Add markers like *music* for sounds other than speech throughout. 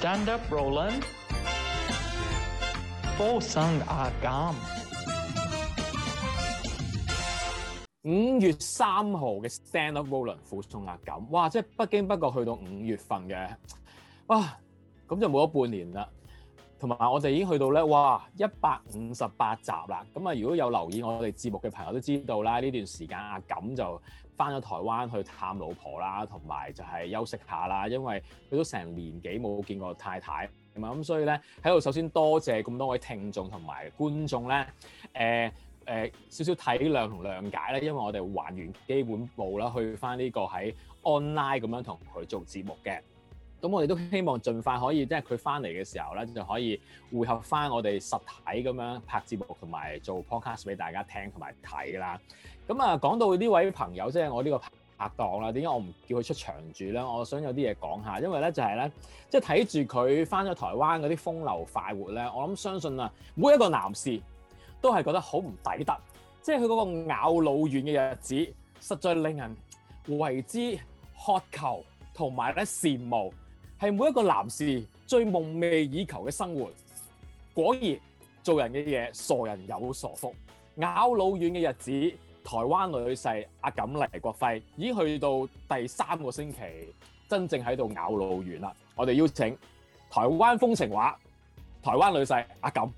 Stand up, Roland。附送阿錦。五月三號嘅 Stand up, Roland 附送阿錦。哇，即係不經不覺去到五月份嘅，哇，咁就冇咗半年啦。同埋我哋已經去到咧，哇，一百五十八集啦。咁啊，如果有留意我哋節目嘅朋友都知道啦，呢段時間阿錦就翻咗台灣去探老婆啦，同埋就係休息下啦，因為佢都成年幾冇見過太太，係嘛？咁，所以咧喺度首先多謝咁多位聽眾同埋觀眾咧，誒、呃、誒、呃、少少體諒同諒解咧，因為我哋還原基本步啦，去翻呢個喺 online 咁樣同佢做節目嘅。咁我哋都希望盡快可以即係佢翻嚟嘅時候咧，就可以匯合翻我哋實體咁樣拍節目同埋做 podcast 俾大家聽同埋睇啦。咁啊，講到呢位朋友，即係我呢個拍檔啦。點解我唔叫佢出場住咧？我想有啲嘢講下，因為咧就係咧，即係睇住佢翻咗台灣嗰啲風流快活咧，我諗相信啊，每一個男士都係覺得好唔抵得，即係佢嗰個咬老軟嘅日子，實在令人為之渴求同埋咧羨慕，係每一個男士最夢寐以求嘅生活。果然做人嘅嘢，傻人有傻福，咬老軟嘅日子。台灣女婿阿錦黎國輝已經去到第三個星期，真正喺度咬老軟啦！我哋邀請台灣風情畫、台灣女婿阿錦、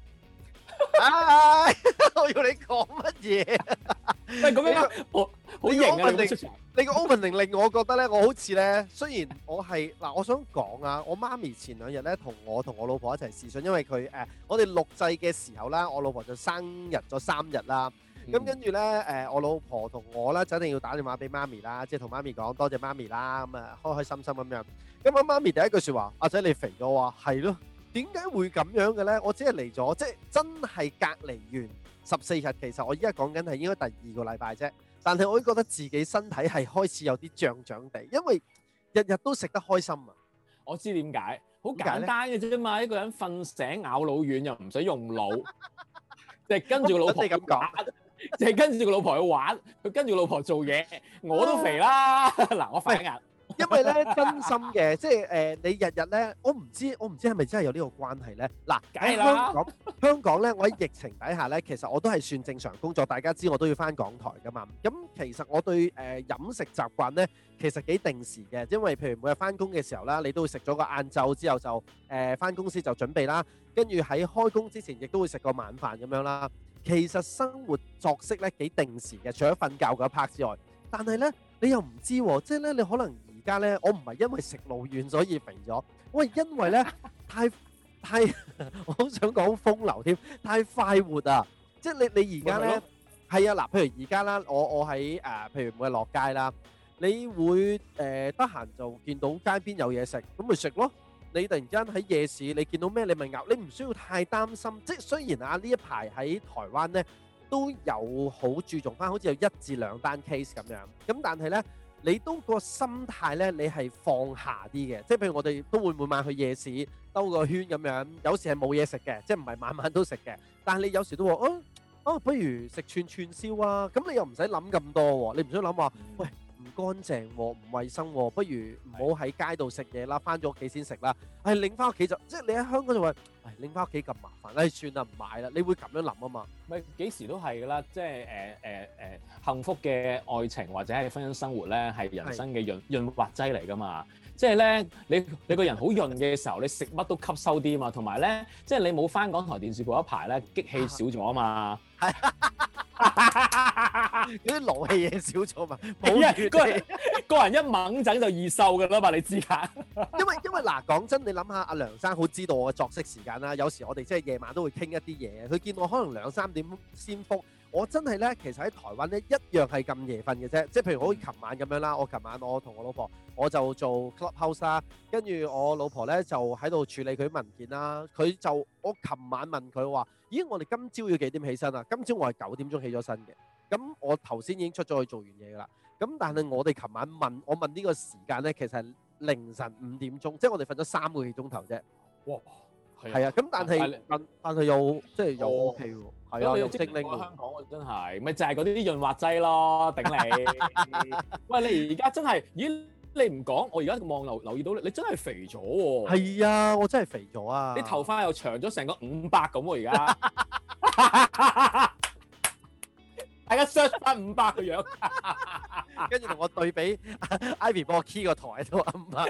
哎。我要你講乜嘢？喂，咁樣 *laughs* 的好型、啊、你個 opening 令我覺得咧，我好似咧，雖然我係嗱，我想講啊，我媽咪前兩日咧同我同我老婆一齊視訊，因為佢誒、呃，我哋錄製嘅時候啦，我老婆就生日咗三日啦。咁跟住咧，誒，我老婆同我咧，就一定要打電話俾媽咪啦，即係同媽咪講多謝媽咪啦，咁啊，開開心心咁樣。咁啊，媽咪第一句説話，阿仔你肥咗喎，係咯？點解會咁樣嘅咧？我只係嚟咗，即係真係隔離完十四日，其實我依家講緊係應該第二個禮拜啫。但係我都覺得自己身體係開始有啲脹脹地，因為日日都食得開心啊！我知點解，好簡單嘅啫嘛，一個人瞓醒咬老軟又唔使用腦，就係跟住個老婆咁講。淨係跟住個老婆去玩，佢跟住個老婆做嘢，我都肥啦。嗱，我反壓。因為咧，真心嘅，即係誒，你日日咧，我唔知，我唔知係咪真係有呢個關係咧。嗱，梗係啦，喺香港，香港咧，我喺疫情底下咧，其實我都係算正常工作。大家知我都要翻港台噶嘛。咁其實我對誒飲食習慣咧，其實幾定時嘅，因為譬如每日翻工嘅時候啦，你都會食咗個晏晝之後就誒翻公司就準備啦，跟住喺開工之前亦都會食個晚飯咁樣啦。其實生活作息咧幾定時嘅，除咗瞓覺嗰 part 之外，但係咧你又唔知，即係咧你可能而家咧，我唔係因為食老軟所以肥咗，我係因為咧太太，我好想講風流添，太快活啊！即係你你而家咧係啊嗱，譬如而家啦，我我喺誒，譬如我落街啦，你會誒得閒就見到街邊有嘢食，咁咪食咯。你突然之間喺夜市，你見到咩，你咪咬。你唔需要太擔心。即係雖然啊，呢一排喺台灣呢都有好注重翻，好似有一至兩單 case 咁樣。咁但係呢，你都個心態呢，你係放下啲嘅。即係譬如我哋都會每晚去夜市兜個圈咁樣，有時係冇嘢食嘅，即係唔係晚晚都食嘅。但係你有時都話，哦、啊、哦、啊，不如食串串燒啊！咁你又唔使諗咁多喎。你唔需要諗話，喂。唔乾淨喎、啊，唔衛生喎、啊，不如唔好喺街度食嘢啦，翻咗屋企先食啦。係拎翻屋企就即係你喺香港就話，係拎翻屋企咁麻煩，唉、哎、算啦，唔買啦。你會咁樣諗啊嘛？咪幾時都係噶啦，即係誒誒誒幸福嘅愛情或者係婚姻生活咧，係人生嘅潤潤滑劑嚟噶嘛。是即係咧，你你個人好潤嘅時候，你食乜都吸收啲啊嘛。同埋咧，即係你冇翻港台電視部一排咧，激氣少咗啊嘛。啊係，嗰啲勞氣嘢少咗嘛？個人個人一猛整就易瘦噶啦嘛，你知㗎？因為因為嗱，講真，你諗下，阿梁生好知道我嘅作息時間啦。有時我哋即係夜晚都會傾一啲嘢。佢見我可能兩三點先覆，我真係咧，其實喺台灣咧一樣係咁夜瞓嘅啫。即係譬如好似琴晚咁樣啦，我琴晚我同我老婆我就做 Clubhouse 啦，跟住我老婆咧就喺度處理佢啲文件啦。佢就我琴晚問佢話。咦，我哋今朝要幾點起身啊？今朝我係九點鐘起咗身嘅，咁我頭先已經出咗去做完嘢噶啦。咁但係我哋琴晚問我問呢個時間咧，其實係凌晨五點鐘，即係我哋瞓咗三個幾鐘頭啫。哇，係啊，咁但係但係又即係又 OK 喎，係啊，玉色靚。香港我真係，咪就係嗰啲潤滑劑咯，頂你。喂，你而家真係，咦？你唔講，我而家望留留意到你，你真係肥咗喎！係啊，我真係肥咗啊！你頭髮又長咗成個五百咁喎，而家 *laughs* *laughs* 大家 search 翻五百個樣， *laughs* 跟住同我對比、啊、Ivy 播 Key 個台喺度五百，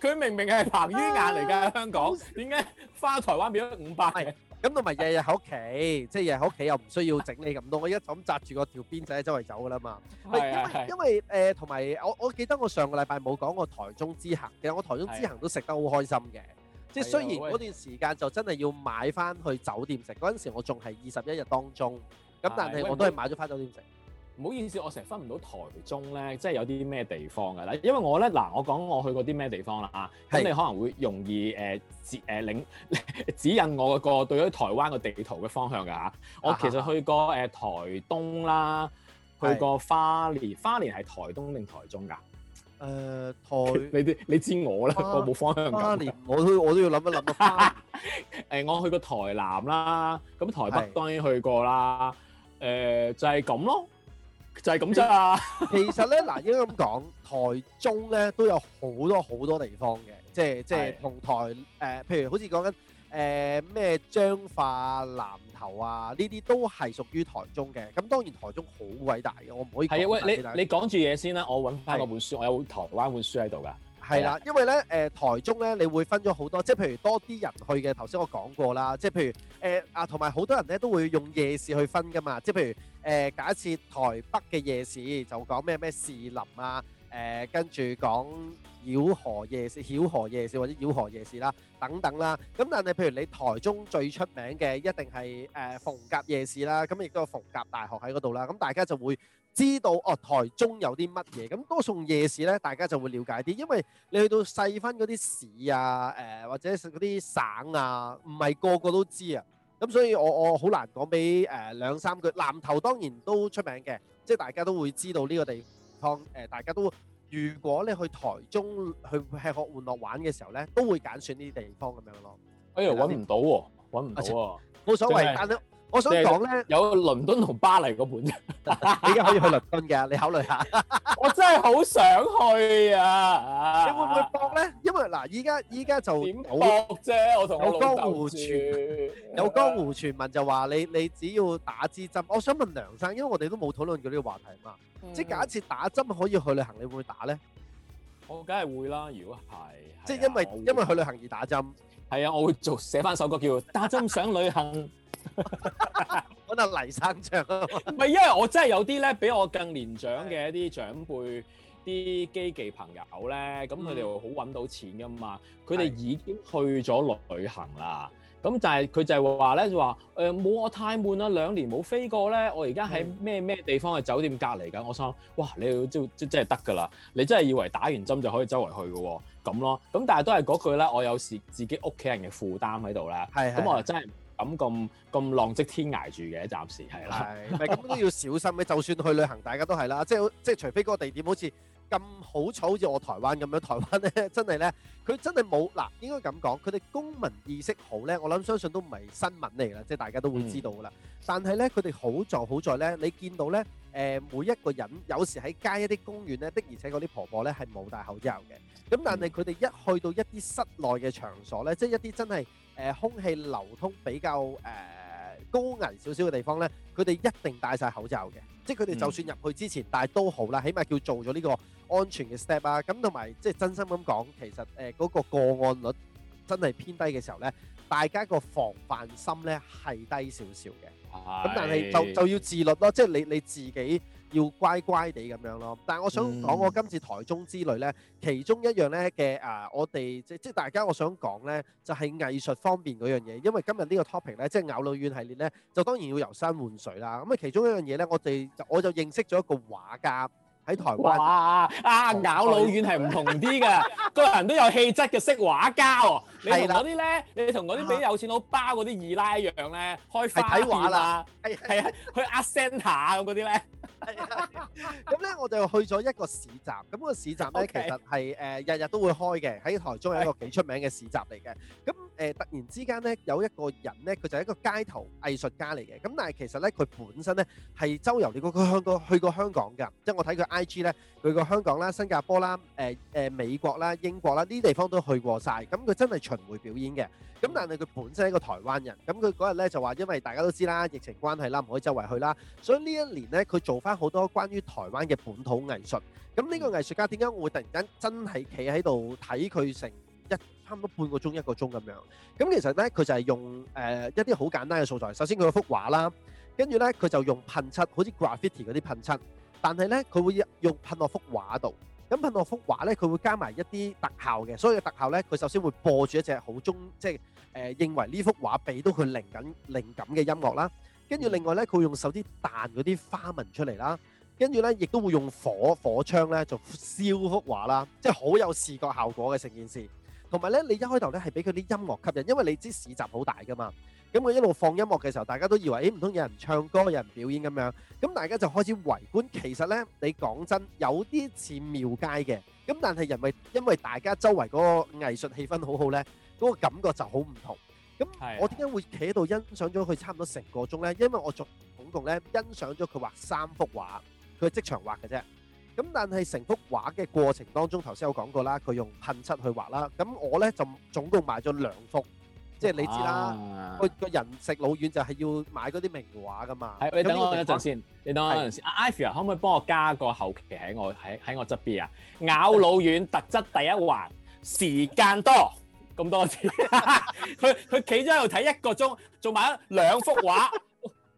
佢、 *laughs* 啊、明明係彭于晏嚟㗎， *laughs* 香港點解翻台灣變咗五百？咁同埋日日喺屋企，即係日日喺屋企又唔需要整理咁多，我而家就咁紮住個條辮仔喺周圍走㗎啦嘛。係 *laughs* *laughs* 因為因為誒同埋我我記得我上個禮拜冇講過台中之行，其實我台中之行都食得好開心嘅。 *laughs* 即係雖然嗰段時間就真係要買翻去酒店食，嗰陣時我仲係二十一日當中，咁但係我都係買咗翻酒店食。唔好意思，我成日分唔到台中咧，即係有啲咩地方㗎啦。因為我咧嗱，我講我去過啲咩地方啦啊，咁你是可能會容易誒、呃、指誒、呃、領指引我個對於台灣個地圖嘅方向㗎吓。啊、哈我其實去過誒、呃、台東啦，去過花蓮。花蓮係台東定台中㗎？誒、呃、台你啲你知我啦，花我冇方向感。花蓮我都我都要諗一諗誒 *laughs* 呃。我去過台南啦，咁台北當然去過啦。誒是、呃、就係、是、咁咯。就係咁啫嘛。 *laughs* 其實咧，嗱應該咁講，台中咧都有好多好多地方嘅，即係即係同台誒、呃，譬如好似講緊誒咩彰化、南投啊，呢啲都係屬於台中嘅。咁當然台中好偉大嘅，我唔可以講曬。係啊，喂，你你講住嘢先啦，我揾翻嗰本書，的我有台灣本書喺度㗎。係啦，因為咧誒、呃、台中咧，你會分咗好多，即係譬如多啲人去嘅。頭先我講過啦，即係譬如誒啊，同埋好多人咧都會用夜市去分㗎嘛，即係譬如誒、呃、假設台北嘅夜市就講咩咩士林啊，誒跟住講。繞河夜市、曉河夜市或者繞河夜市啦，等等啦。咁但係，譬如你台中最出名嘅一定係誒逢甲夜市啦，咁亦都有逢甲大學喺嗰度啦。咁大家就會知道哦，台中有啲乜嘢。咁多數夜市咧，大家就會了解啲，因為你去到細分嗰啲市啊，誒或者食嗰啲省啊，唔係個個都知啊。咁所以我我好難講俾誒兩三句。南投當然都出名嘅，即係大家都會知道呢個地方，誒大家都。如果你去台中去吃喝玩樂玩嘅時候呢，都會揀選呢啲地方咁樣咯。哎呀呦，揾唔到喎，揾唔到啊，冇、啊啊啊、所謂。是我想講咧，有倫敦同巴黎嗰本啫。你而家可以去倫敦嘅，你考慮下。 *laughs* 我真係好想去啊！ *laughs* 你會唔會搏咧？因為嗱，依家依家就點搏啫？我同我有江湖傳有江湖傳聞就話你你只要打支針。 *laughs* 我想問梁生，因為我哋都冇討論過呢個話題嘛。嗯、即係假設打針可以去旅行，你會唔會打咧？我梗係會啦，如果係、啊、即係因為、啊、因為去旅行而打針。係啊，我會做寫返首歌叫打針想旅行。 *laughs* 嗰度黎生長咯，唔係因為我真係有啲咧，比我更年長嘅一啲長輩，啲機器朋友咧，咁佢哋會好揾到錢噶嘛，佢哋、嗯、已經去咗旅行啦。咁的但係佢就係話咧，就話誒冇我太悶啦，兩年冇飛過咧，我而家喺咩咩地方嘅酒店隔離緊，我想，哇，你要即即真係得噶啦，你真係以為打完針就可以周圍去噶咁咯。咁但係都係嗰句咧，我有時自己屋企人嘅負擔喺度啦，咁的我又真係。咁咁咁浪跡天涯住嘅，暫時係啦。係，咁都要小心嘅。就算去旅行，大家都係啦，即係即係，除非嗰個地點好似咁好彩，好似我台灣咁樣。台灣咧真係咧，佢真係冇嗱，應該咁講，佢哋公民意識好咧。我諗相信都唔係新聞嚟㗎，即係大家都會知道㗎啦。但係咧，佢哋好在好在咧，你見到咧，誒，每一個人有時喺街一啲公園咧，的而且確啲婆婆咧係冇戴口罩嘅。咁但係佢哋一去到一啲室內嘅場所咧，即係一啲真係。誒，空氣流通比較誒高危少少嘅地方咧，佢哋一定戴晒口罩嘅，即係佢哋就算入去之前，但係都好啦，起碼叫做咗呢個安全嘅 step 啊。咁同埋即係真心咁講，其實誒嗰個個案率真係偏低嘅時候咧，大家個防範心咧係低少少嘅，咁但係就就要自律咯，即係你你自己。要乖乖地咁樣咯，但係我想講我今次台中之旅呢，其中一樣呢嘅啊，我哋即即大家我想講呢，就係、是、藝術方面嗰樣嘢，因為今日呢個 topic 呢，即係咬老軟系列呢，就當然要遊山玩水啦。咁啊，其中一樣嘢呢，我哋我，我就認識咗一個畫家。喺台灣哇啊，咬老軟係唔同啲嘅， *laughs* 個人都有氣質嘅色畫家你同啲咧，你同嗰啲俾有錢佬包嗰啲二奶一樣咧，開花店睇畫啦，係係啊，去 a c 下咁嗰啲咧。係咁咧，我就去咗一個市集，咁、嗰個市集咧 Okay. 其實係誒日日都會開嘅，喺台中有一個幾出名嘅市集嚟嘅。咁誒、呃、突然之間咧有一個人咧，佢就係一個街頭藝術家嚟嘅，咁但係其實咧佢本身咧係周遊你，佢佢去過去過香港㗎，即係我睇佢。I.G 咧，佢個香港啦、新加坡啦、誒誒美國啦、英國啦，呢啲地方都去過晒。咁佢真係巡迴表演嘅。咁但係佢本身係一個台灣人。咁佢嗰日咧就話，因為大家都知啦，疫情關係啦，唔可以周圍去啦。所以呢一年咧，佢做翻好多關於台灣嘅本土藝術。咁呢個藝術家點解會突然間真係企喺度睇佢成一差唔多半個鐘一個鐘咁樣？咁其實咧，佢就係用誒一啲好簡單嘅素材。首先佢嘅幅畫啦，跟住咧佢就用噴漆，好似 graffiti 嗰啲噴漆。但係咧，佢會用噴落幅畫度，咁噴落幅畫咧，佢會加埋一啲特效嘅，所以嘅特效咧，佢首先會播住一隻好中，即係誒、呃、認為呢幅畫俾到佢靈感靈感嘅音樂啦，跟住另外咧，佢用手指彈嗰啲花紋出嚟啦，跟住咧亦都會用火火槍咧做燒幅畫啦，即係好有視覺效果嘅成件事，同埋咧你一開頭咧係俾佢啲音樂吸引，因為你知市集好大㗎嘛。咁佢一路放音樂嘅時候，大家都以為誒唔通有人唱歌、有人表演咁樣，咁大家就開始圍觀。其實咧，你講真，有啲似廟街嘅，咁但係人為因為大家周圍嗰個藝術氣氛好好咧，嗰個感覺就好唔同。咁我點解會企喺度欣賞咗佢差唔多成個鐘咧？因為我總共咧欣賞咗佢畫三幅畫，佢係即場畫嘅啫。咁但係成幅畫嘅過程當中，頭先有講過啦，佢用噴漆去畫啦。咁我咧就總共買咗兩幅。即係你知啦，個個、啊、人食老軟就係要買嗰啲名畫噶嘛。係，你等我等一陣先，你等我一陣先，是先。阿 Ivy 可唔可以幫我加個後期喺我喺喺我側邊啊？咬老軟特質第一環，時間多咁多字。佢佢企咗喺度睇一個鐘，仲買咗兩幅畫，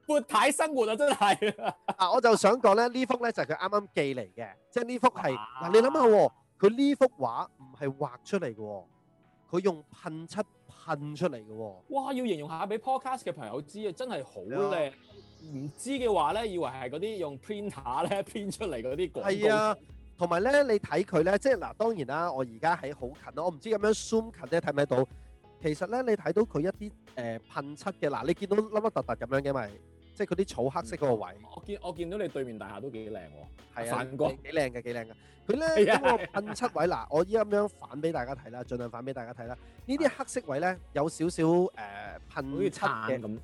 闊太 *laughs* 生活啊！真係 *laughs* 啊！我就想講咧，幅呢、就是剛剛就是、幅咧就係佢啱啱寄嚟嘅，即係呢幅係嗱，你諗下喎，佢呢幅畫唔係畫出嚟嘅，佢用噴漆。噴出嚟嘅喎，哇！要形容下俾 podcast 嘅朋友知啊，真係好靚。唔知嘅話咧，以為係嗰啲用 printer 咧編出嚟嗰啲廣告。係啊，同埋咧，你睇佢咧，即係嗱，當然啦，我而家喺好近咯，我唔知咁樣 zoom 近咧睇唔睇到。其實咧，你睇到佢一啲誒、呃、噴漆嘅嗱，你見到粒粒突突咁樣嘅咪？即係嗰啲草黑色嗰個位、嗯，我見我見到你對面大廈都幾靚喎、哦，係啊，哥幾靚嘅幾靚嘅，佢咧 *laughs* 噴漆位嗱，我依家咁樣反俾大家睇啦，盡量反俾大家睇啦。呢啲黑色位咧有少少、呃、噴好似漆嘅咁，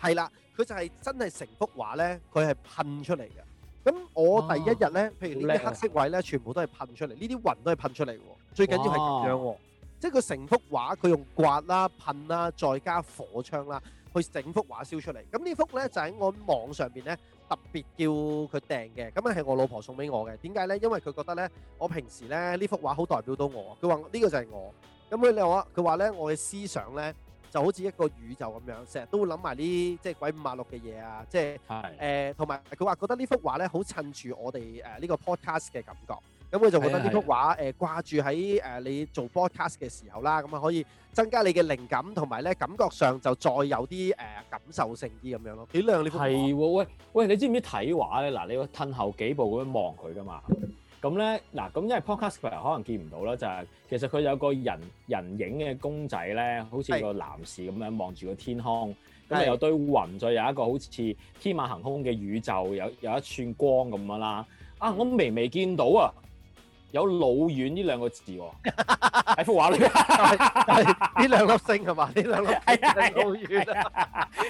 係啦，佢就係、是、真係成幅畫咧，佢係噴出嚟嘅。咁我第一日咧，啊、譬如呢啲黑色位咧，啊、全部都係噴出嚟，呢啲雲都係噴出嚟嘅喎。最緊要係咁樣喎，哇即係佢成幅畫佢用刮啦、噴啦，再加火槍啦。去整幅畫燒出嚟，咁呢幅咧就喺我網上邊咧特別叫佢訂嘅，咁啊係我老婆送俾我嘅。點解咧？因為佢覺得咧，我平時咧呢幅畫好代表到我，佢話呢個就係我。咁佢你話佢話咧，我嘅思想咧就好似一個宇宙咁樣，成日都會諗埋啲即係鬼五馬六嘅嘢啊，即係誒，同埋佢話覺得呢幅畫咧好襯住我哋誒呢個 podcast 嘅感覺。咁佢就覺得呢幅畫誒、哎呀呃、掛住喺誒你做 podcast 嘅時候啦，咁啊可以增加你嘅靈感，同埋咧感覺上就再有啲誒、呃、感受性啲咁樣咯。幾靚呢幅畫係喎，喂喂，你知唔知睇畫咧？嗱，你要褪後幾步咁樣望佢㗎嘛？咁咧嗱，咁因為 podcast 可能見唔到啦，就係、是、其實佢有個人人影嘅公仔咧，好似個男士咁樣望住個天空，咁啊是有堆雲，再有一個好似天馬行空嘅宇宙，有有一串光咁樣啦。啊，我微微見到啊！有老遠呢兩個字喺幅畫裏面，呢兩粒星係嘛？呢兩粒係啊，係老遠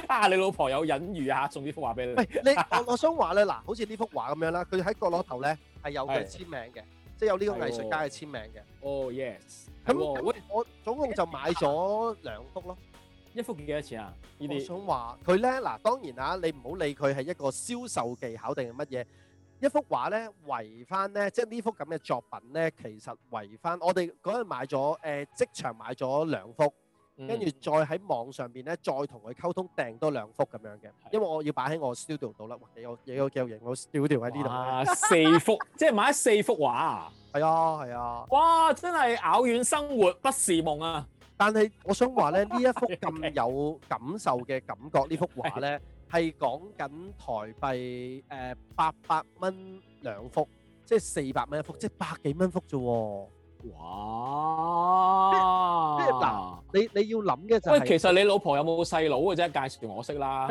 啊！你老婆有隱喻啊？送呢幅畫俾你。唔係你，我我想話咧，嗱，好似呢幅畫咁樣啦，佢喺角落頭咧係有佢簽名嘅，即係有呢個藝術家嘅簽名嘅。哦，yes。咁我總共就買咗兩幅咯。一幅幾幾多錢啊？我想話佢咧，嗱，當然啦，你唔好理佢係一個銷售技巧定係乜嘢。一幅畫咧，圍翻咧，即係呢幅咁嘅作品咧，其實圍翻我哋嗰日買咗誒即場買咗兩幅，跟住、嗯、再喺網上邊咧，再同佢溝通訂多兩幅咁樣嘅，因為我要擺喺我 studio 度啦。幾有，幾有，幾有型，我 studio 喺呢度啊，四幅， *laughs* 即係買咗四幅畫啊，係啊係啊，哇！真係咬軟生活不是夢啊，但係我想話咧，呢哇一幅咁有感受嘅感覺，呢、嗯、 *laughs* 幅畫咧。係講緊台幣誒八百蚊兩幅，即係四百蚊一幅，即係百幾蚊幅啫喎！哇！嗱，你你要諗嘅就係、是，其實你老婆有冇細佬或者介紹我識啦，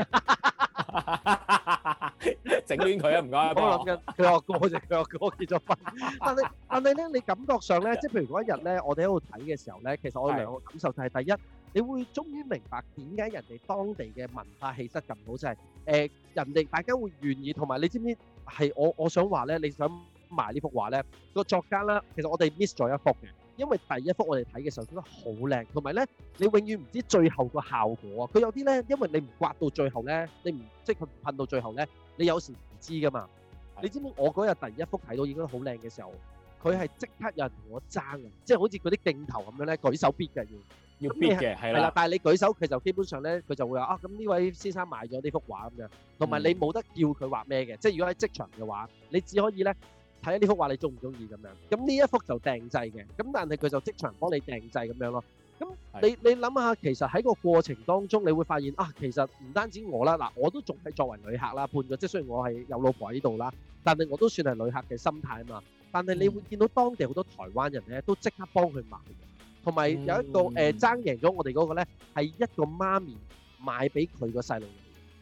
整亂佢啊！唔該，我諗緊佢阿哥啫，佢阿哥結咗婚。但係但係咧，你感覺上咧，即係譬如嗰一日咧，我哋喺度睇嘅時候咧，其實我哋兩個感受就係第一。你會終於明白點解人哋當地嘅文化氣質咁好，就係、是、誒、呃、人哋大家會願意，同埋你知唔知係我我想話咧，你想埋呢幅畫咧，個作家啦。其實我哋 miss 咗一幅嘅，因為第一幅我哋睇嘅時候覺得好靚，同埋咧你永遠唔知最後個效果啊，佢有啲咧，因為你唔刮到最後咧，你唔即係佢唔噴到最後咧，你有時唔知噶嘛。你知唔知我嗰日第一幅睇到已經好靚嘅時候，佢係即刻有人同我爭啊，即係好似嗰啲鏡頭咁樣咧，舉手必嘅要。要逼嘅係啦，但係你舉手佢就基本上咧，佢就會話啊，咁呢位先生買咗呢幅畫咁樣，同埋你冇得叫佢畫咩嘅，即係如果喺職場嘅話，你只可以咧睇下呢幅畫你中唔中意咁樣。咁呢一幅就訂製嘅，咁但係佢就職場幫你訂製咁樣咯。咁你你諗下，其實喺個過程當中，你會發現啊，其實唔單止我啦，嗱我都仲係作為旅客啦，判咗，即係雖然我係有老婆喺度啦，但係我都算係旅客嘅心態啊嘛。但係你會見到當地好多台灣人咧，都即刻幫佢買。同埋有一個誒爭贏咗我哋嗰個咧，係一個媽咪買俾佢個細路，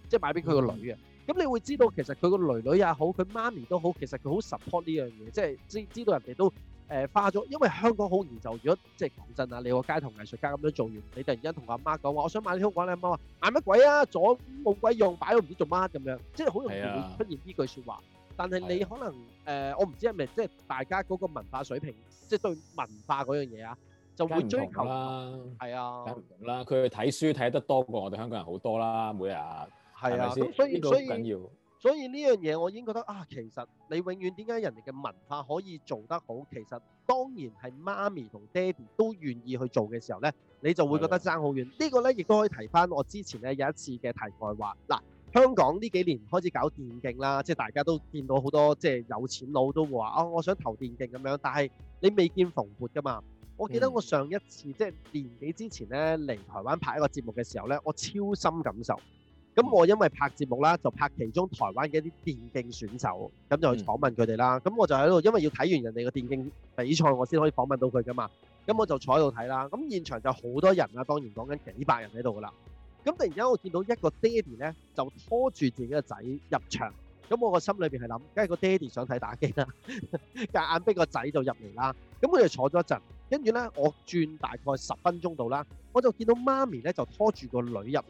即係買俾佢個女嘅。咁你會知道其實佢個囡囡也好，佢媽咪都好，其實佢好 support 呢樣嘢，即係知知道人哋都誒花咗。因為香港好現就，如果即係講真啊，你個街頭藝術家咁樣做完，你突然間同阿媽講話，我想買啲香港，你阿媽話買乜鬼啊？咗冇鬼用，擺喺度唔知做乜咁樣，即係好容易會出現呢句説話。但係你可能誒，我唔知係咪即係大家嗰個文化水平，即係對文化嗰樣嘢啊？就會追求啦，係啊，唔同啦。佢睇書睇得多過我哋香港人好多啦，每日係咪先？呢、啊、個好緊要所。所以呢樣嘢我已經覺得啊，其實你永遠點解人哋嘅文化可以做得好？其實當然係媽咪同爹哋都願意去做嘅時候咧，你就會覺得爭好遠。啊、個呢個咧亦都可以提翻我之前咧有一次嘅題外話。嗱，香港呢幾年開始搞電競啦，即係大家都見到好多即係有錢佬都話啊、哦，我想投電競咁樣，但係你未見蓬勃噶嘛。我記得我上一次即係年幾之前咧嚟台灣拍一個節目嘅時候咧，我超深感受。咁我因為拍節目啦，就拍其中台灣嘅一啲電競選手，咁就去訪問佢哋啦。咁我就喺度，因為要睇完人哋嘅電競比賽，我先可以訪問到佢㗎嘛。咁我就坐喺度睇啦。咁現場就好多人啦，當然講緊幾百人喺度噶啦。咁突然間我見到一個爹哋咧，就拖住自己嘅仔入場。咁我個心裏邊係諗，梗係個爹哋想睇打機啦，夾 *laughs* 硬逼個仔就入嚟啦。咁我就坐咗一陣，跟住咧我轉大概十分鐘度啦，我就見到媽咪咧就拖住個女入嚟。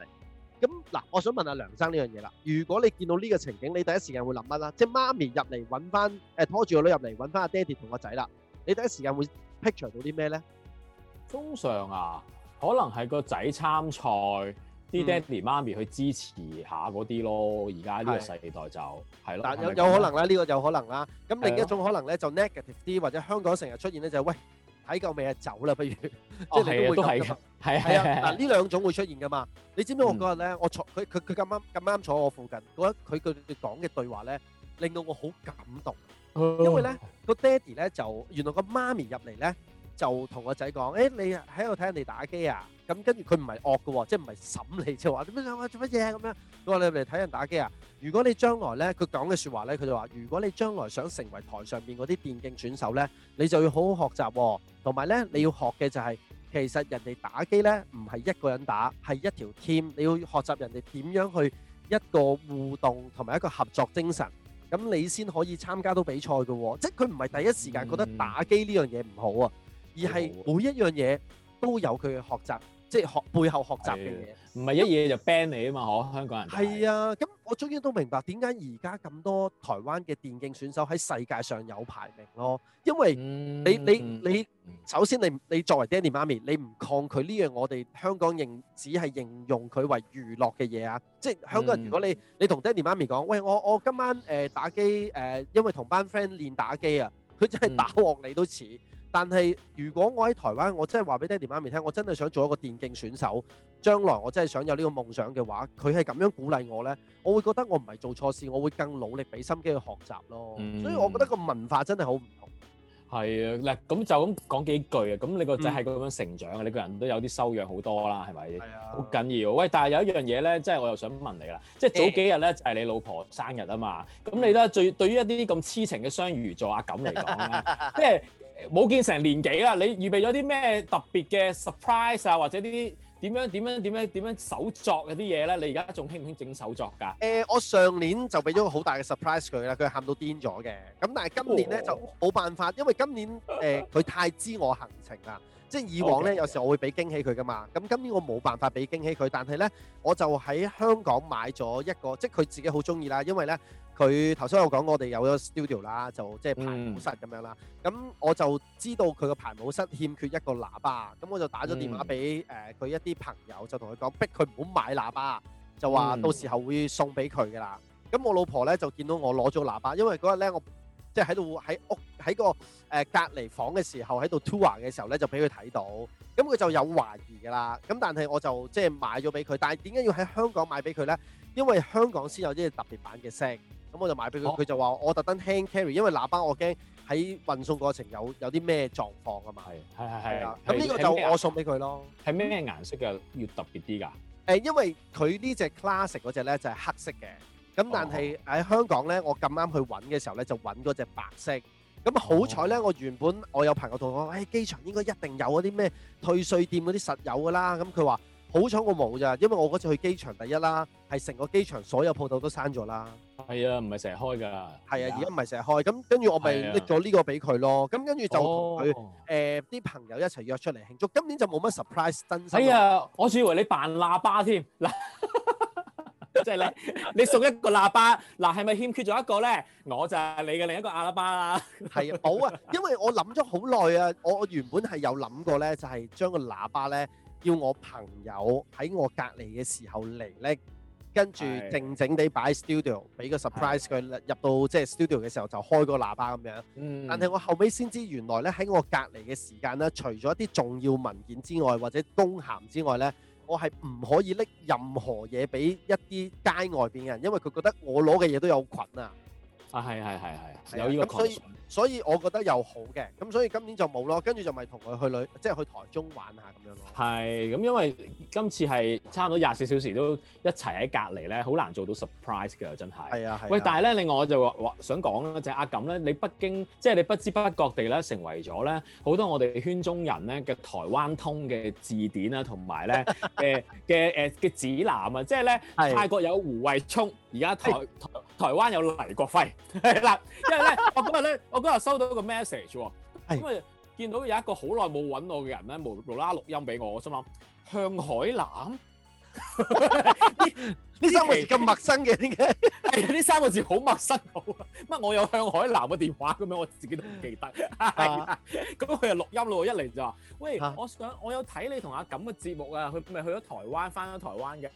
咁嗱，我想問下梁生呢樣嘢啦。如果你見到呢個情景，你第一時間會諗乜啦？即係媽咪入嚟揾翻，誒拖住個女入嚟揾翻阿爹哋同個仔啦。你第一時間會 picture 到啲咩咧？通常啊，可能係個仔參賽。啲、嗯、爹哋媽咪去支持下嗰啲咯，而家呢個世代就係咯。嗱的了有是是有可能啦，呢、呢個有可能啦。咁另一種可能咧就 negative 啲，或者香港成日出現咧就係，喂，睇夠未啊，走啦，不如、哦、即係你都會咁嘅。係啊，嗱呢兩種會出現噶嘛？你知唔知我嗰日咧，我坐佢佢佢咁啱咁啱坐我附近，嗰一佢佢佢講嘅對話咧，令到我好感動，因為咧個爹哋咧就原來個媽咪入嚟咧。就同個仔講：誒，你喺度睇人哋打機啊？咁跟住佢唔係惡㗎，即係唔係審你，即係話點樣啊？做乜嘢啊？咁樣佢話你嚟睇人打機啊？如果你將來咧，佢講嘅説話咧，佢就話：如果你將來想成為台上邊嗰啲電競選手咧，你就要好好學習，同埋咧你要學嘅就係其實人哋打機咧唔係一個人打，係一條 team，你要學習人哋點樣去一個互動同埋一個合作精神，咁你先可以參加到比賽嘅。即係佢唔係第一時間覺得打機呢樣嘢唔好啊。而係每一樣嘢都有佢嘅學習，即係學背後學習嘅嘢。唔係、啊、一嘢為就 ban 你啊嘛，嗬，香港人。係啊，咁我終於都明白點解而家咁多台灣嘅電競選手喺世界上有排名咯。因為你、嗯、你你，你，首先你你作為爹哋媽咪，你唔抗拒呢樣我哋香港認指係形容佢為娛樂嘅嘢啊。即、就、係、是、香港人，如果你、嗯、你同爹哋媽咪講，喂我我今晚誒、呃、打機誒、呃，因為同班 friend 練打機啊，佢真係打鑊你都似。嗯但係如果我喺台灣，我真係話俾爹哋媽咪聽，我真係想做一個電競選手，將來我真係想有呢個夢想嘅話，佢係咁樣鼓勵我咧，我會覺得我唔係做錯事，我會更努力俾心機去學習咯。所以，我覺得個文化真係好唔同。係啊，嗱，咁就咁講幾句啊。咁你個仔係咁樣成長啊，你個人都有啲修養好多啦，係咪？係啊。好緊要。喂，但係有一樣嘢咧，即係我又想問你啦。即係早幾日咧就係你老婆生日啊嘛。咁你咧對對於一啲咁痴情嘅雙魚座阿錦嚟講，即係。冇見成年幾啦，你預備咗啲咩特別嘅 surprise 啊，或者啲點樣點樣點樣點樣手作嗰啲嘢咧？你而家仲興唔興整手作㗎？誒、呃，我上年就俾咗個好大嘅 surprise 佢啦，佢喊到癲咗嘅。咁但係今年咧就冇辦法，因為今年誒佢、呃、太知我行程啦。 *laughs* 即係以往咧，okay，有時候我會俾驚喜佢噶嘛。咁今年我冇辦法俾驚喜佢，但係咧，我就喺香港買咗一個，即係佢自己好中意啦。因為咧，佢頭先有講，我哋有咗 studio 啦，就即係排舞室咁樣啦。咁、嗯、我就知道佢個排舞室欠缺一個喇叭，咁我就打咗電話俾誒佢一啲朋友，就同佢講，逼佢唔好買喇叭，就話到時候會送俾佢噶啦。咁我老婆咧就見到我攞咗喇叭，因為嗰日咧我。即喺度喺屋喺個誒隔離房嘅時候，喺度 tour 嘅時候咧，就俾佢睇到，咁佢就有懷疑噶啦。咁但係我就即係買咗俾佢，但係點解要喺香港買俾佢咧？因為香港先有啲特別版嘅色，咁我就買俾佢，佢、哦、就話我特登 hand carry，因為喇叭我驚喺運送過程有有啲咩狀況啊嘛。係係係。咁呢的的個就我送俾佢咯。係咩咩顏色嘅？要特別啲噶？誒，因為佢呢隻 classic 嗰隻咧就係、是、黑色嘅。咁但係喺香港咧，我咁啱去揾嘅時候咧，就揾嗰隻白色。咁好彩咧，我原本我有朋友同我講，誒、哎、機場應該一定有嗰啲咩退稅店嗰啲實有㗎啦。咁佢話好彩我冇咋，因為我嗰次去機場第一啦，係成個機場所有鋪頭都閂咗啦。係啊，唔係成日開㗎。係啊，而家唔係成日開。咁跟住我咪拎咗呢個俾佢咯。咁跟住就同佢誒啲朋友一齊約出嚟慶祝。今年就冇乜 surprise 真新。哎呀，我仲以為你扮喇叭添嗱。 *laughs* 即係你， *laughs* 你送一個喇叭，嗱，係咪欠缺咗一個呢？我就係你嘅另一個喇叭巴啦。係 *laughs* 啊，好啊，因為我諗咗好耐啊，我原本係有諗過呢，就係、是、將個喇叭呢，要我朋友喺我隔離嘅時候嚟，呢，跟住靜靜地擺 studio，俾個 surprise 的佢入到即係 studio 嘅時候就開個喇叭咁樣。嗯、但係我後尾先知，原來呢，喺我隔離嘅時間呢，除咗啲重要文件之外，或者公函之外呢。我係唔可以拎任何嘢俾一啲街外邊嘅人，因為佢覺得我攞嘅嘢都有菌啊。啊係，係、啊，係、啊，係，有呢個 concept 所以，所以我覺得又好嘅。咁所以今年就冇咯，跟住就咪同佢去旅，即係去台中玩下咁樣咯。係、啊，咁因為今次係差唔多廿四小時都一齊喺隔籬咧，好難做到 surprise 嘅，真係。係啊係。啊喂，但係咧，另外我就話想講咧，就係阿錦咧，你北京即係、就是、你不知不覺地咧，成為咗咧好多我哋圈中人咧嘅台灣通嘅字典啊，同埋咧嘅嘅嘅嘅指南啊，即係咧泰國有胡慧聰，而家台。 *laughs* 台灣有黎國輝係啦， *laughs* 因為咧，我今日咧，我今日收到一個 message 喎，因為見到有一個好耐冇揾我嘅人咧，無啦啦錄音俾我，我心諗向海南，呢 *laughs* 三個字咁陌生嘅點解？係呢 *laughs* 三個字好陌生喎，乜 *laughs* 我有向海南嘅電話咁樣，我自己都唔記得。咁佢又錄音咯，我一嚟就話：喂，啊、我想我有睇你同阿錦嘅節目啊，佢咪去咗台灣，翻咗台灣嘅。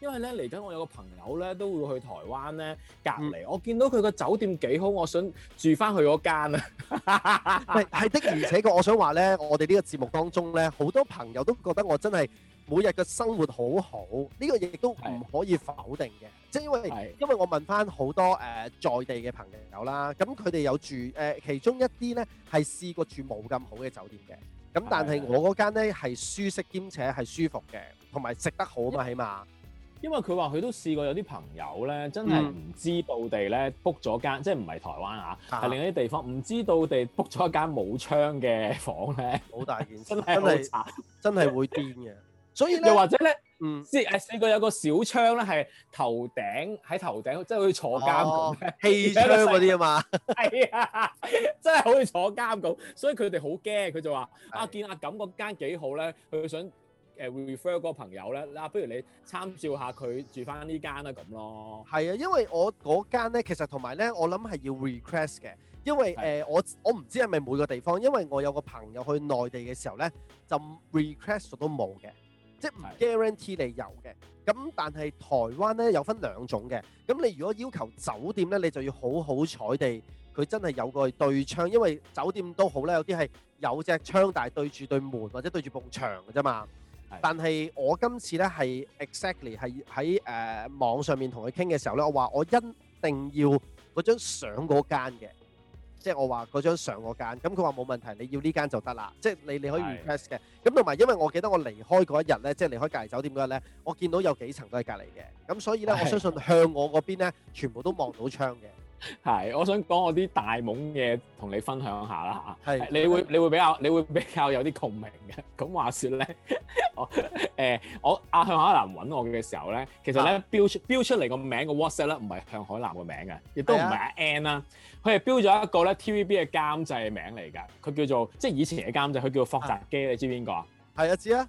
因為咧嚟緊，我有個朋友咧都會去台灣咧隔離。嗯、我見到佢個酒店幾好，我想住翻去嗰間啊。係 *laughs* *laughs* 的而且確我想話咧，我哋呢個節目當中咧，好多朋友都覺得我真係每日嘅生活好好。呢、呢個亦都唔可以否定嘅，即係的因為的因為我問翻好多誒、uh, 在地嘅朋友啦，咁佢哋有住誒、uh, 其中一啲咧係試過住冇咁好嘅酒店嘅，咁但係我嗰間咧係舒適兼且係舒服嘅，同埋食得好嘛，起碼。因為佢話佢都試過有啲朋友咧，真係唔知道地咧 book 咗間，即係唔係台灣啊，係另一啲地方，唔知道地 book 咗一間冇窗嘅房咧，好大件事真係好慘，真係 *laughs* 會癲嘅。所以又或者咧，試誒試過有個小窗咧，係頭頂喺頭頂，即係好似坐監咁，嘅氣窗嗰啲啊嘛，係啊，真係好似坐監咁。所以佢哋好驚，佢就話啊見阿感嗰間幾好咧，佢想。誒、呃、refer 嗰個朋友咧，嗱、啊、不如你參照下佢住翻呢間啦咁咯。係啊，因為我嗰間咧，其實同埋咧，我諗係要 request 嘅，因為誒是、呃、我我唔知係咪每個地方，因為我有個朋友去內地嘅時候咧，就 request 都冇嘅，即係唔 guarantee 你有嘅。咁是但係台灣咧有分兩種嘅，咁你如果要求酒店咧，你就要好好彩地，佢真係有個對窗，因為酒店都好咧，有啲係有隻窗，但係對住對門或者對住埲牆嘅啫嘛。但係我今次咧係 exactly 係喺誒網上面同佢傾嘅時候咧，我話我一定要嗰張相嗰間嘅，即係我話嗰張相嗰間，咁佢話冇問題，你要呢間就得啦，即係你你可以 request 嘅，咁同埋因為我記得我離開嗰一日咧，即係離開隔離酒店嗰日咧，我見到有幾層都係隔離嘅，咁所以咧我相信向我嗰邊咧，全部都望到窗嘅。係，我想講我啲大懵嘢同你分享下啦嚇。係的，你會你會比較你會比較有啲共鳴嘅。咁話說咧、 *laughs* 欸，我誒我阿向海南揾我嘅時候咧，其實咧標、啊、出出嚟個名個 WhatsApp 咧，唔係向海南個名嘅，亦的都唔係阿 N 啦的，佢係標咗一個咧 TVB 嘅監製名嚟㗎，佢叫做即係以前嘅監製，佢叫霍澤基，的你知唔知邊個啊？係啊，知啊。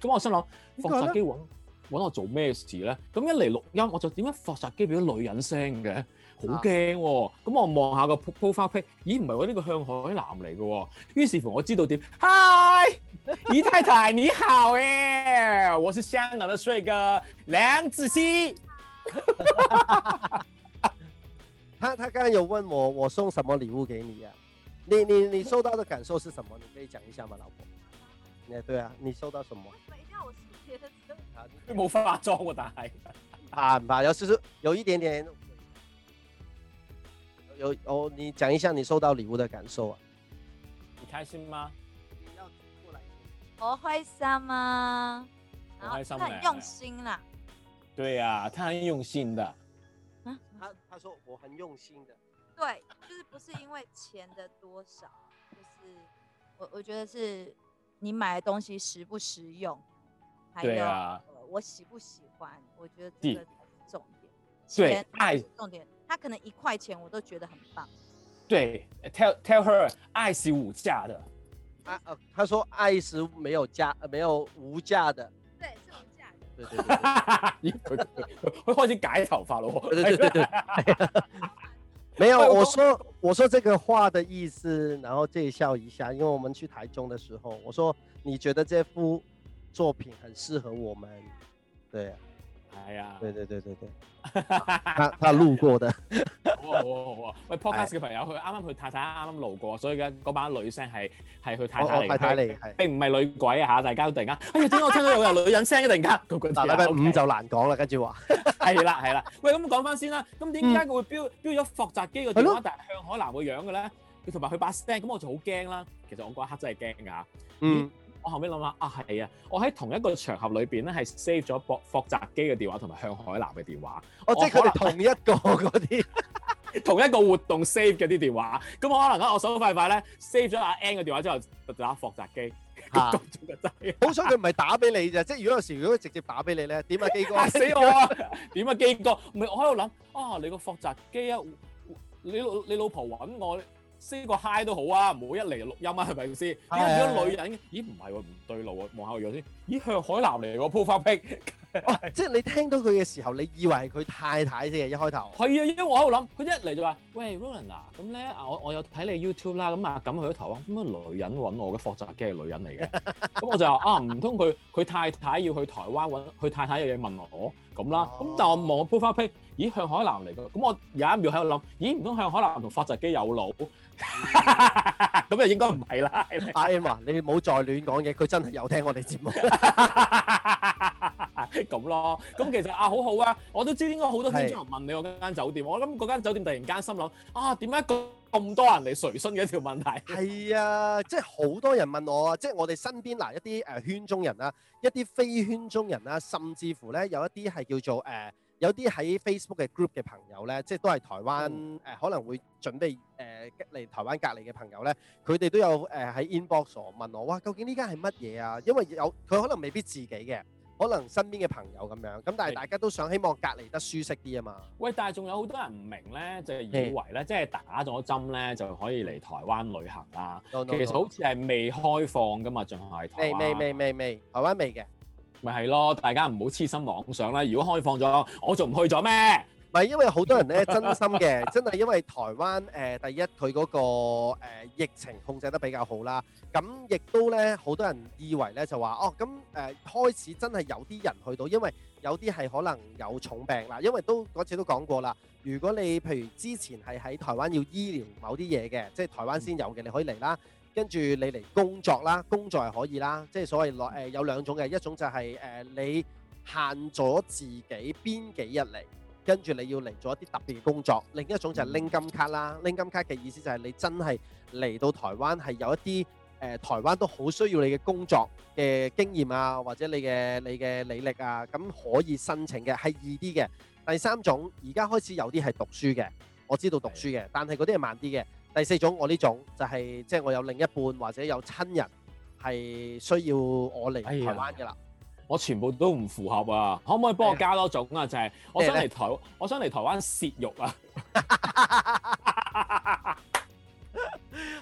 咁我心諗霍澤基揾。搵我做咩事咧？咁一嚟錄音，我就點樣複雜機變女人聲嘅？好驚喎、哦！咁我望下個 profile page 咦，唔係我呢個向海男嚟嘅喎。於是乎我知道點。Hi，姨太太你好誒，我是香港嘅帥哥梁子熙 *laughs* *laughs* 他他剛剛有問我，我送什麼禮物給你啊？你你你收到的感受是什麼？你可以講一下嘛，老婆。誒，對啊，你收到什麼？ *laughs* 佢冇化妝喎，但係 *noise* 啊，有叔是 *laughs* 有，有一點點有哦，你講一下你收到禮物的感受啊？你開心嗎？我開心啊！我開心啦，佢很用心啦。 *laughs* 對呀、啊，他很用心的。他 *noise* *noise* 他說我很用心的 *noise* 。對，就是不是因為錢的多少，就是我我覺得是你買的東西實不實用。對呀、啊，我喜不喜歡，我覺得這個是重點，對，錢愛重點，他可能一塊錢我都覺得很棒。對，tell tell her，愛是無價的。啊、呃、他說愛是沒有價、啊，沒有無價的。對，是無價的。對對對，會換成改草發咯。對對對對。沒有，我說我說這個話的意思，然後介紹一下，因為我們去台中的時候，我說你覺得這幅。作品很適合我們，對、啊，哎呀，對對對對對，他他路過的，哇哇哇，喂，Podcast 嘅朋友，佢啱啱去睇睇，啱啱路過，所以嘅嗰把女聲係係去睇睇嚟，太太哦、太太並唔係女鬼啊吓，大家都突然間，哎呀，點解我聽到有有女人聲、啊， *laughs* 突然間，嗱，禮拜五就難講啦，跟住話，係啦係啦，喂，咁講返先啦，咁點解佢會標標咗霍澤基嘅電話，的但係向海南嘅樣嘅咧？佢同埋佢把聲，咁我就好驚啦，其實我嗰一刻真係驚噶，嗯。我後尾諗下，啊係啊！我喺同一個場合裏邊咧，係 save 咗博霍澤基嘅電話同埋向海嵐嘅電話。哦，即係佢哋同一個嗰啲， *laughs* 同一個活動 save 嘅啲電話。咁我可能咧，我手快快咧 save 咗阿 N 嘅電話之後打霍澤基。啊、 *laughs* *laughs* 好彩佢唔係打俾你咋，即係 *laughs* 如果有時如果直接打俾你咧，點啊基哥！ *laughs* 死我！啊！點啊基哥！唔係我喺度諗啊，你個霍澤基啊，你老你老婆揾我。say 個 hi 都好啊，唔好一嚟就錄音啊，係咪先？點解的女人？的咦，唔係喎，唔對路喎，啊，望下個樣先。咦，向海南嚟喎，鋪花壁。 *laughs* 哦、即係你聽到佢嘅時候，你以為係佢太太先一開頭。係啊，因為我喺度諗，佢一嚟就話，喂 Roland 咁咧啊，我我有睇你 YouTube 啦，咁啊，咁去台灣，咁 *laughs* 啊，女人揾我嘅貨雜機係女人嚟嘅。咁我就話啊，唔通佢佢太太要去台灣揾，佢太太有嘢問我，咁啦。咁、哦、但係望我 po 翻 pic，咦，向海南嚟㗎。咁我有一秒喺度諗，咦，唔通向海南同貨雜機有腦？咁又 *laughs* *laughs* 應該唔係啦。阿 M n 話你冇再亂講嘢，佢真係有聽我哋節目。 *laughs* *laughs* 咁咯，咁、嗯、其實啊，好好啊，我都知應該好多圈中人問你我間酒店，是我諗嗰間酒店突然間心諗啊，點解咁多人嚟垂詢嘅條問題？係啊，即係好多人問我啊，即、就、係、是、我哋身邊嗱一啲誒圈中人啊，一啲非圈中人啊，甚至乎咧有一啲係叫做誒、呃，有啲喺 Facebook 嘅 group 嘅朋友咧，即係都係台灣誒、嗯呃，可能會準備誒嚟、呃、台灣隔離嘅朋友咧，佢哋都有誒喺 inbox 問我哇，究竟呢間係乜嘢啊？因為有佢可能未必自己嘅。可能身邊嘅朋友咁樣，咁但係大家都想希望隔離得舒適啲啊嘛。喂，但係仲有好多人唔明咧，就係、以為咧，是即係打咗針咧就可以嚟台灣旅行啦。No, no, no, no. 其實好似係未開放噶嘛，仲係台，台灣未未未未未台灣未嘅。咪係咯，大家唔好痴心妄想啦。如果開放咗，我仲唔去咗咩？唔係，因為好多人咧，真心嘅，真係因為台灣誒，第一佢嗰個誒疫情控制得比較好啦。咁亦都咧，好多人以為咧就話，哦，咁誒開始真係有啲人去到，因為有啲係可能有重病啦。因為都嗰次都講過啦，如果你譬如之前係喺台灣要醫療某啲嘢嘅，即係台灣先有嘅，你可以嚟啦。跟住你嚟工作啦，工作係可以啦，即係所謂兩誒有兩種嘅，一種就係誒你限咗自己邊幾日嚟。跟住你要嚟做一啲特別嘅工作，另一種就係拎金卡啦，拎金卡嘅意思就係你真係嚟到台灣，係有一啲誒、呃、台灣都好需要你嘅工作嘅經驗啊，或者你嘅你嘅履歷啊，咁可以申請嘅係易啲嘅。第三種而家開始有啲係讀書嘅，我知道讀書嘅，的但係嗰啲係慢啲嘅。第四種，我呢種就係即係我有另一半或者有親人係需要我嚟台灣嘅啦。我全部都唔符合啊！可唔可以幫我加多種啊？就係、欸、寫歌我想嚟台，我想嚟台灣洩慾啊！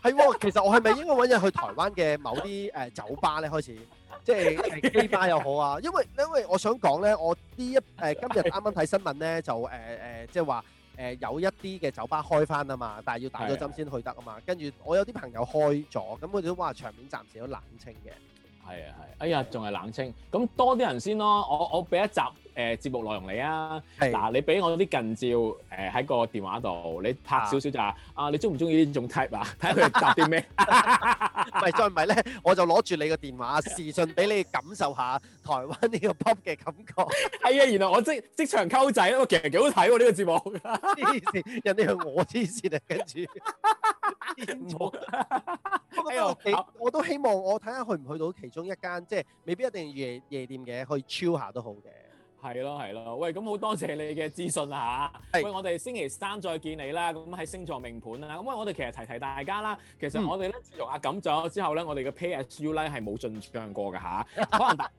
係喎，其實我係咪應該揾日去台灣嘅某啲誒酒吧咧開始，即係 K 吧又好啊？因為因為我想講咧，我呢一誒今日啱啱睇新聞咧，就誒誒即係話誒有一啲嘅酒吧開翻啊嘛，但係要打咗針先去得啊嘛。的跟住我有啲朋友開咗，咁佢哋都話場面暫時都冷清嘅。係啊係，哎呀，仲係冷清，咁多啲人先咯，我我俾一集。誒節目內容嚟啊！嗱的，你俾我啲近照誒喺、呃、個電話度，你拍少少就啊，你中唔中意呢種 type 啊？睇下佢答啲咩？唔係再唔係咧，我就攞住你個電話視訊俾你感受下台灣呢個 pub 嘅感覺。係啊，原來我即即場溝仔咯，我其實幾好睇喎呢個節目。黐 *laughs* 線，有啲我黐線啊！跟住，我都希望我睇下去唔去到其中一間，即係未必一定夜夜店嘅，去 chill 下都好嘅。係咯係咯，喂，咁好多謝你嘅資訊啊嚇！喂，我哋星期三再見你啦，咁喺星座命盤啦，咁餵我哋其實提提大家啦，其實我哋咧自從阿錦咗之後咧，我哋嘅 Pay As You Like 係冇進帳過㗎嚇，可能大。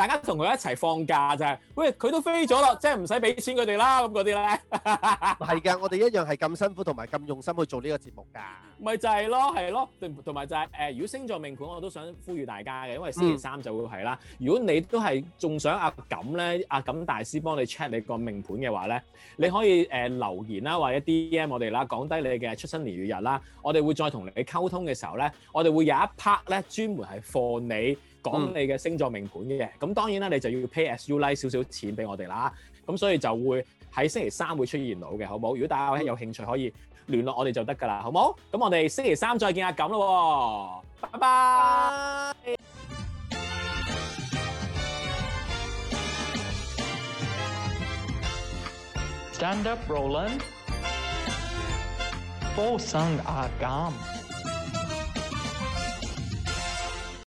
大家同佢一齊放假啫、就是，喂，佢都飛咗咯，即係唔使俾錢佢哋啦，咁嗰啲咧。係 *laughs* 㗎，我哋一樣係咁辛苦同埋咁用心去做呢個節目㗎。咪就係咯，係咯，同埋就係、是、誒、呃，如果星座命盤，我都想呼籲大家嘅，因為星期三就會係啦。嗯、如果你都係仲想阿錦咧，阿錦大師幫你 check 你個命盤嘅話咧，你可以誒、呃、留言啦，或者 DM 我哋啦，講低你嘅出生年月日啦，我哋會再同你溝通嘅時候咧，我哋會有一 part 咧，專門係放你，講你嘅星座命盤嘅，嘢、嗯，咁當然啦，你就要 pay as you like 少少錢俾我哋啦，咁所以就會喺星期三會出現到嘅，好唔好？如果大家有興趣，可以聯絡我哋就得噶啦，好唔好？咁我哋星期三再見阿錦啦，拜拜。拜拜 Stand up, Roland。For Sung a